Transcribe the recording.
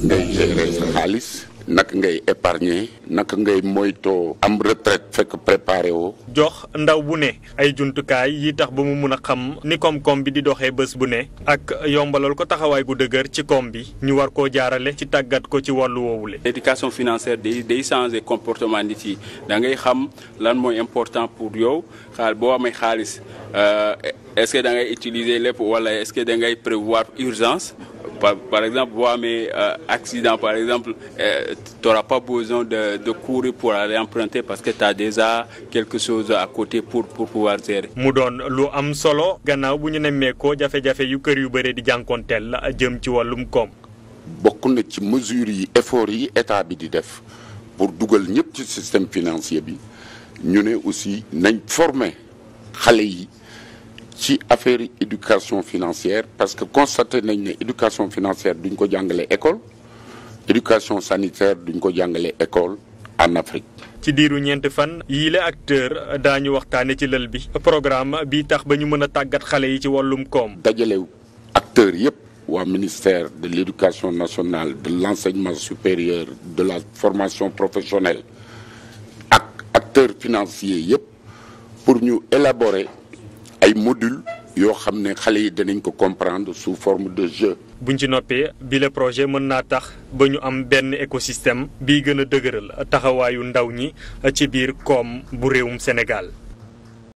ngay gérer sa xaalis naka ngay épargner naka ngay moytoo am retraite fekk préparé woo. jox ndaw bu ne ay jumtukaay yi tax ba mu mun a xam ni koom-koom bi di doxee bés bu ne ak yombalal ko taxawaay gu dëgër ci kom bi ñu war koo jaarale ci tàggat ko ci wàllu woowu woowule. éducation financière day day changer comportement nit yi da ngay xam lan mooy important pour yow xaal boo amee xaalis euh, est-ce que da utiliser lépp wala est-ce que da ngay prévoir urgence par par exemple boo amee euh, accident par exemple euh, tu n'auras pas besoin de de courir pour aller emprunter parce que tu as déjà quelque chose à côté pour pour pouvoir mu doon lu am solo gannaaw bu ñu nemmeekoo jafe-jafe yu kër yu bëre di jànkonteel la jëm ci wàllum koom. bokk na ci mesures yi effort yi état bi di def pour dugal ñëpp ci système financier bi ñu ne aussi nañ former xale yi. ci affaire éducation financière parce que constaté nañ ne éducation financière duñ ko jàngale école éducation sanitaire duñ ko jàngale école en Afrique. ci diiru ñeenti fan yii la acteur daañu waxtaane ci lël bi programme bi tax ba ñu mën a tàggat xale yi ci wàllum koom. dajale acteurs yëpp waa ministère de l' éducation nationale de l' enseignement supérieur de la formation professionnelle ak acteurs financiers yëpp pour ñu élaborer. ay module yoo xam ne xale yi danañ ko comprendre sous forme de jeu. buñ ci noppee bi projet mën naa tax ba ñu am benn écosystème biy gën a dëgëral taxawaayu ndaw ñi ci biir koom bu réewum Sénégal.